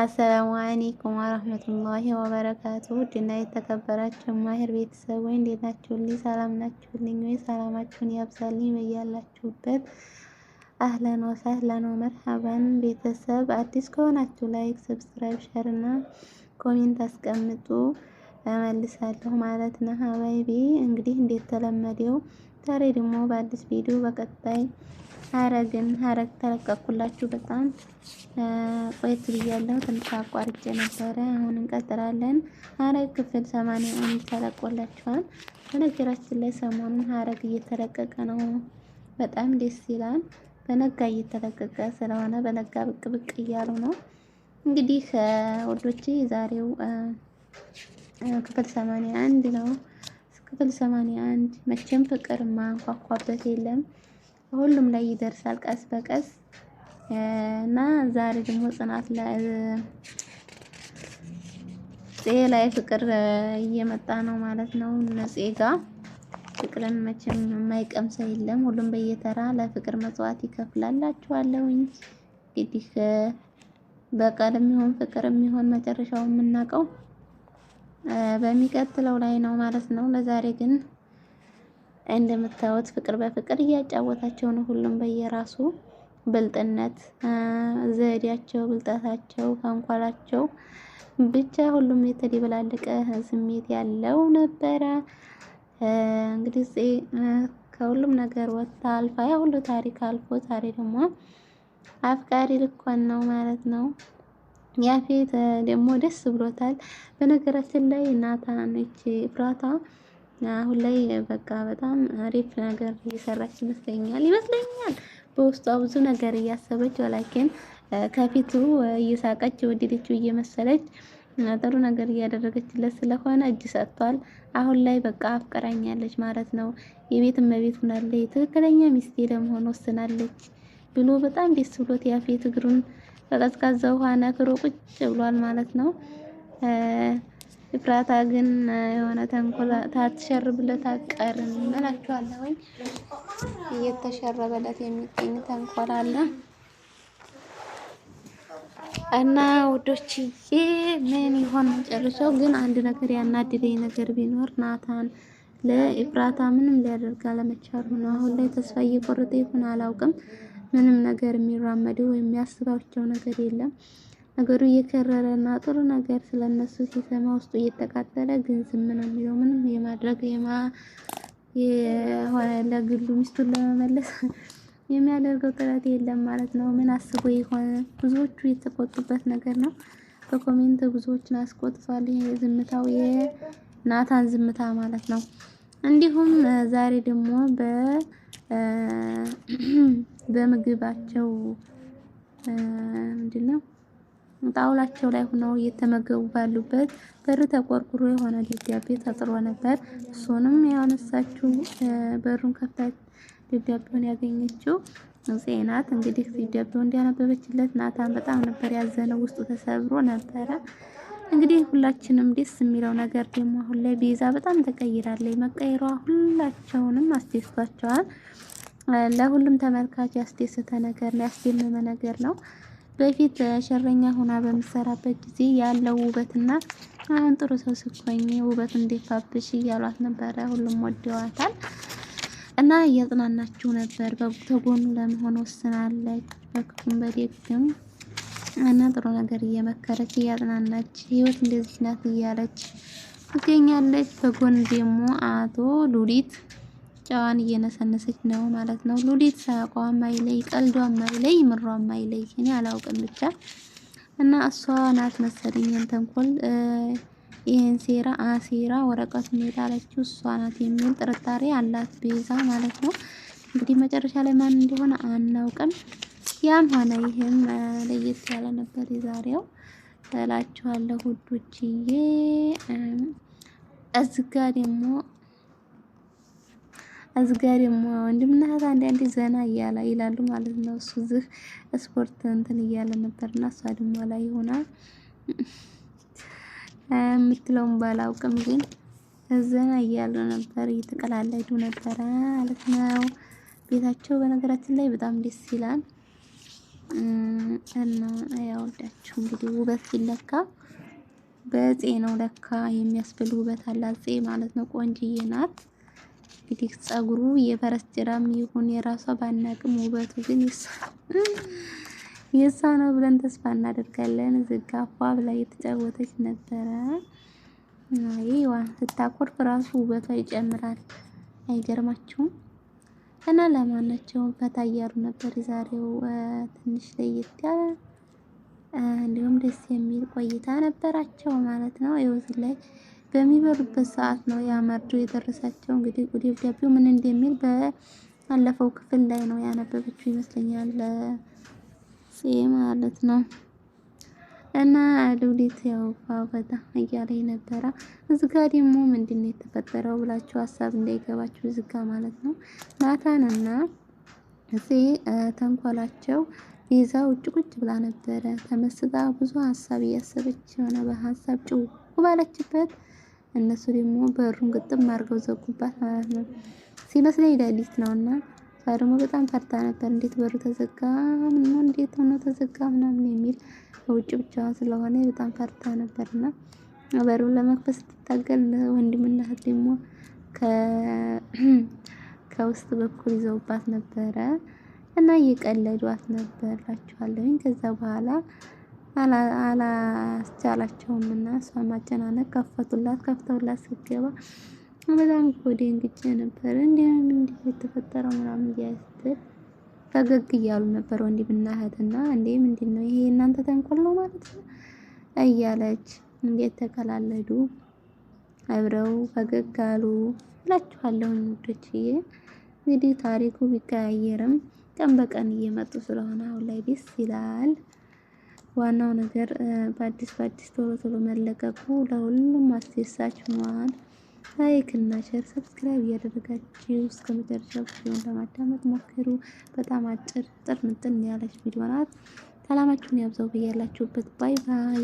አሰላሙ አለይኩም ወረህመቱላሂ ወበረካቱ። ውድና የተከበራችሁ ማህር ቤተሰቦች እንዴት ናችሁልኝ? ሰላም ናችሁልኝ ወይ? ሰላማችሁን ያብዛልኝ በያላችሁበት። አህለን ወሳህለን ወመርሐባን ቤተሰብ። አዲስ ከሆናችሁ ላይክ፣ ሰብስክራይብ፣ ሸር እና ኮሜንት አስቀምጡ እመልሳለሁ ማለት ነው። ሀባይቢ እንግዲህ እንደተለመደው ዛሬ ደግሞ በአዲስ ቪዲዮ በቀጣይ ሀረግን ሀረግ ተለቀኩላችሁ። በጣም ቆየት ብያለሁ፣ ትንሽ አቋርጬ ነበረ። አሁን እንቀጥላለን። ሀረግ ክፍል ሰማንያ አንድ ተለቆላችኋል። በነገራችን ላይ ሰሞኑን ሀረግ እየተለቀቀ ነው፣ በጣም ደስ ይላል። በነጋ እየተለቀቀ ስለሆነ በነጋ ብቅ ብቅ እያሉ ነው። እንግዲህ ወዶቼ የዛሬው ክፍል ሰማንያ አንድ ነው። ክፍል ሰማንያ አንድ መቼም ፍቅር ማንኳኳበት የለም። ሁሉም ላይ ይደርሳል ቀስ በቀስ እና ዛሬ ደግሞ ጽናት ለፄ ላይ ፍቅር እየመጣ ነው ማለት ነው። ነፄ ጋ ፍቅርን መቼም ሰው የለም። ሁሉም በየተራ ለፍቅር መጽዋት ይከፍላላችኋለሁኝ። እንግዲህ በቀል የሚሆን ፍቅር የሚሆን መጨረሻው የምናውቀው በሚቀጥለው ላይ ነው ማለት ነው። ለዛሬ ግን እንደምታዩት ፍቅር በፍቅር እያጫወታቸው ነው። ሁሉም በየራሱ ብልጥነት ዘዴያቸው፣ ብልጠታቸው፣ ተንኮላቸው ብቻ ሁሉም የተደበላለቀ ስሜት ያለው ነበረ። እንግዲህ ከሁሉም ነገር ወጥታ አልፋ ያ ሁሉ ታሪክ አልፎ ዛሬ ደግሞ አፍቃሪ ልኳን ነው ማለት ነው። ያፌት ደግሞ ደስ ብሎታል። በነገራችን ላይ እናታ ነች ፍራታ አሁን ላይ በቃ በጣም አሪፍ ነገር እየሰራች ይመስለኛል ይመስለኛል። በውስጧ ብዙ ነገር እያሰበች ወላኪን ከፊቱ እየሳቀች የወደደችው እየመሰለች ጥሩ ነገር እያደረገችለት ስለሆነ እጅ ሰጥቷል። አሁን ላይ በቃ አፍቀራኛለች ማለት ነው። የቤት እመቤት ሆናለች። ትክክለኛ ሚስቴ ለመሆን ወስናለች ብሎ በጣም ደስ ብሎት ያፌት እግሩን በቀዝቃዛ ውሃ ነክሮ ቁጭ ብሏል ማለት ነው። ኢፍራታ ግን የሆነ ተንኮላ ታትሸርብለት አቀርን እላችኋለሁ። ወይ እየተሸረበለት የሚገኝ ተንኮላ አለ እና ውዶችዬ፣ ምን ይሆን መጨረሻው? ግን አንድ ነገር ያናድደኝ ነገር ቢኖር ናታን ለኢፍራታ ምንም ሊያደርግ አለመቻሉ ነው። አሁን ላይ ተስፋ እየቆረጠ ይሆን አላውቅም። ምንም ነገር የሚራመደው ወይም የሚያስባቸው ነገር የለም። ነገሩ እየከረረ እና ጥሩ ነገር ስለነሱ ሲሰማ ውስጡ እየተቃጠለ ግን ዝም ነው የሚለው። ምንም የማድረግ የማ የሆነ ለግሉ ሚስቱን ለመመለስ የሚያደርገው ጥረት የለም ማለት ነው። ምን አስቦ የሆነ ብዙዎቹ የተቆጡበት ነገር ነው። በኮሜንት ብዙዎችን አስቆጥቷል። ዝምታው የናታን ዝምታ ማለት ነው። እንዲሁም ዛሬ ደግሞ በ በምግባቸው ምንድን ነው ጣውላቸው ላይ ሆነው እየተመገቡ ባሉበት በር ተቆርቁሮ የሆነ ደብዳቤ ተጥሮ ነበር። እሱንም ያነሳችው በሩን ከፍታት ደብዳቤውን ያገኘችው ጽጌ ናት። እንግዲህ ደብዳቤው እንዲያነበበችለት ናታን በጣም ነበር ያዘነው፣ ውስጡ ተሰብሮ ነበረ። እንግዲህ ሁላችንም ደስ የሚለው ነገር ደግሞ አሁን ላይ ቤዛ በጣም ተቀይራለች። መቀየሯ ሁላቸውንም አስደስቷቸዋል። ለሁሉም ተመልካች ያስደሰተ ነገር ነው፣ ያስደመመ ነገር ነው። በፊት ሸረኛ ሆና በምሰራበት ጊዜ ያለው ውበትና አሁን ጥሩ ሰው ስኮኝ ውበት እንዲፋብሽ እያሏት ነበረ። ሁሉም ወደዋታል እና እያጽናናችው ነበር። ተጎኑ ለመሆን ወስናለች። በክፉም በደግም እና ጥሩ ነገር እየመከረች እያጽናናች ህይወት እንደዚህ ናት እያለች ትገኛለች። በጎን ደግሞ አቶ ሉሊት ጨዋን እየነሰነሰች ነው ማለት ነው። ሉሊት ሳቋ ማይለይ ቀልዷ ማይለይ ምሯ ማይለይ እኔ አላውቅም ብቻ እና እሷ ናት መሰለኝን ተንኮል ይሄን ሴራ አሴራ ወረቀቱን የጣለችው እሷ ናት የሚል ጥርጣሬ አላት ቤዛ ማለት ነው። እንግዲህ መጨረሻ ላይ ማን እንደሆነ አናውቅም። ያም ሆነ ይህም ለየት ያለ ነበር የዛሬው እላችኋለሁ ውዶችዬ። እዚህ ጋ ደግሞ እዚህ ጋር ደግሞ ወንድምና እህት አንድ ዘና እያለ ይላሉ ማለት ነው። እሱ ዝህ ስፖርት እንትን እያለ እና እሷ ደግሞ ላይ ሆና የምትለውን ባላውቅም ግን ዘና እያሉ ነበር፣ እየተቀላለዱ ነበረ ማለት ነው። ቤታቸው በነገራችን ላይ በጣም ደስ ይላል እና ያወዳችሁ እንግዲህ ውበት ሲለካ በፄ ነው ለካ የሚያስብል ውበት አላት ፄ ማለት ነው። ቆንጅዬ ናት። እንግዲህ ጸጉሩ የፈረስ ጭራም ይሁን የራሷ ባናቅም ውበቱ ግን የእሷ ነው ብለን ተስፋ እናደርጋለን። ዝጋ ፏ ብላ እየተጫወተች ነበረ። ይዋ ስታኮርፍ ራሱ ውበቷ ይጨምራል። አይገርማችሁም? እና ለማናቸውም ፈታ እያሉ ነበር። የዛሬው ትንሽ ለየት ያለ እንዲሁም ደስ የሚል ቆይታ ነበራቸው ማለት ነው ይወዝ ላይ በሚበሉበት ሰዓት ነው ያመርዶ የደረሳቸው። እንግዲህ ደብዳቤው ምን እንደሚል በአለፈው ክፍል ላይ ነው ያነበበችው ይመስለኛል ለጽ ማለት ነው። እና ሉሊት ያው በታ እያለ ነበረ። እዚህ ጋር ደግሞ ምንድን ነው የተፈጠረው ብላችሁ ሀሳብ እንዳይገባችሁ እዚህ ማለት ነው እና እዚህ ተንኮላቸው ቤዛ ውጭ ቁጭ ብላ ነበረ ተመስጣ ብዙ ሀሳብ እያሰበች የሆነ በሀሳብ ጭው ባለችበት እነሱ ደግሞ በሩን ግጥም አድርገው ዘጉባት ማለት ነው። ሲመስለኝ ሌሊት ነውና እሷ ደግሞ በጣም ፈርታ ነበር። እንዴት በሩ ተዘጋ ምን እንዴት ሆኖ ተዘጋ ምናምን የሚል ውጭ ብቻዋን ስለሆነ በጣም ፈርታ ነበርና በሩን ለመክፈት ስትታገል ወንድምና እህት ደግሞ ከውስጥ በኩል ይዘውባት ነበረ እና እየቀለዷት ነበር ላችኋለሁኝ ከዛ በኋላ አላስቻላቸውም እና እሷ ማጨናነቅ ከፈቱላት። ከፍተውላት ስገባ በጣም ጎዴ እንግጭ ነበር። እንዲህም እንዲህ የተፈጠረው ምናምን እያስትል ፈገግ እያሉ ነበር ወንድምና እና እንዴ ምንድን ነው ይሄ እናንተ ተንኮል ነው ማለት ነው እያለች እንዴት ተከላለዱ አብረው ፈገግ አሉ እላችኋለሁ ውዶችዬ። እንግዲህ ታሪኩ ቢቀያየርም ቀን በቀን እየመጡ ስለሆነ አሁን ላይ ደስ ይላል። ዋናው ነገር በአዲስ በአዲስ ቶሎ ቶሎ መለቀቁ ለሁሉም አስደሳች መሆን ላይክ እና ሸር ሰብስክራይብ እያደረጋችሁ እስከ መጨረሻው ቪዲዮን ለማዳመጥ ሞክሩ። በጣም አጭር ጥር ምጥን ያለች ቪዲዮ ናት። ሰላማችሁን ያብዛው ብያላችሁበት። ባይ ባይ።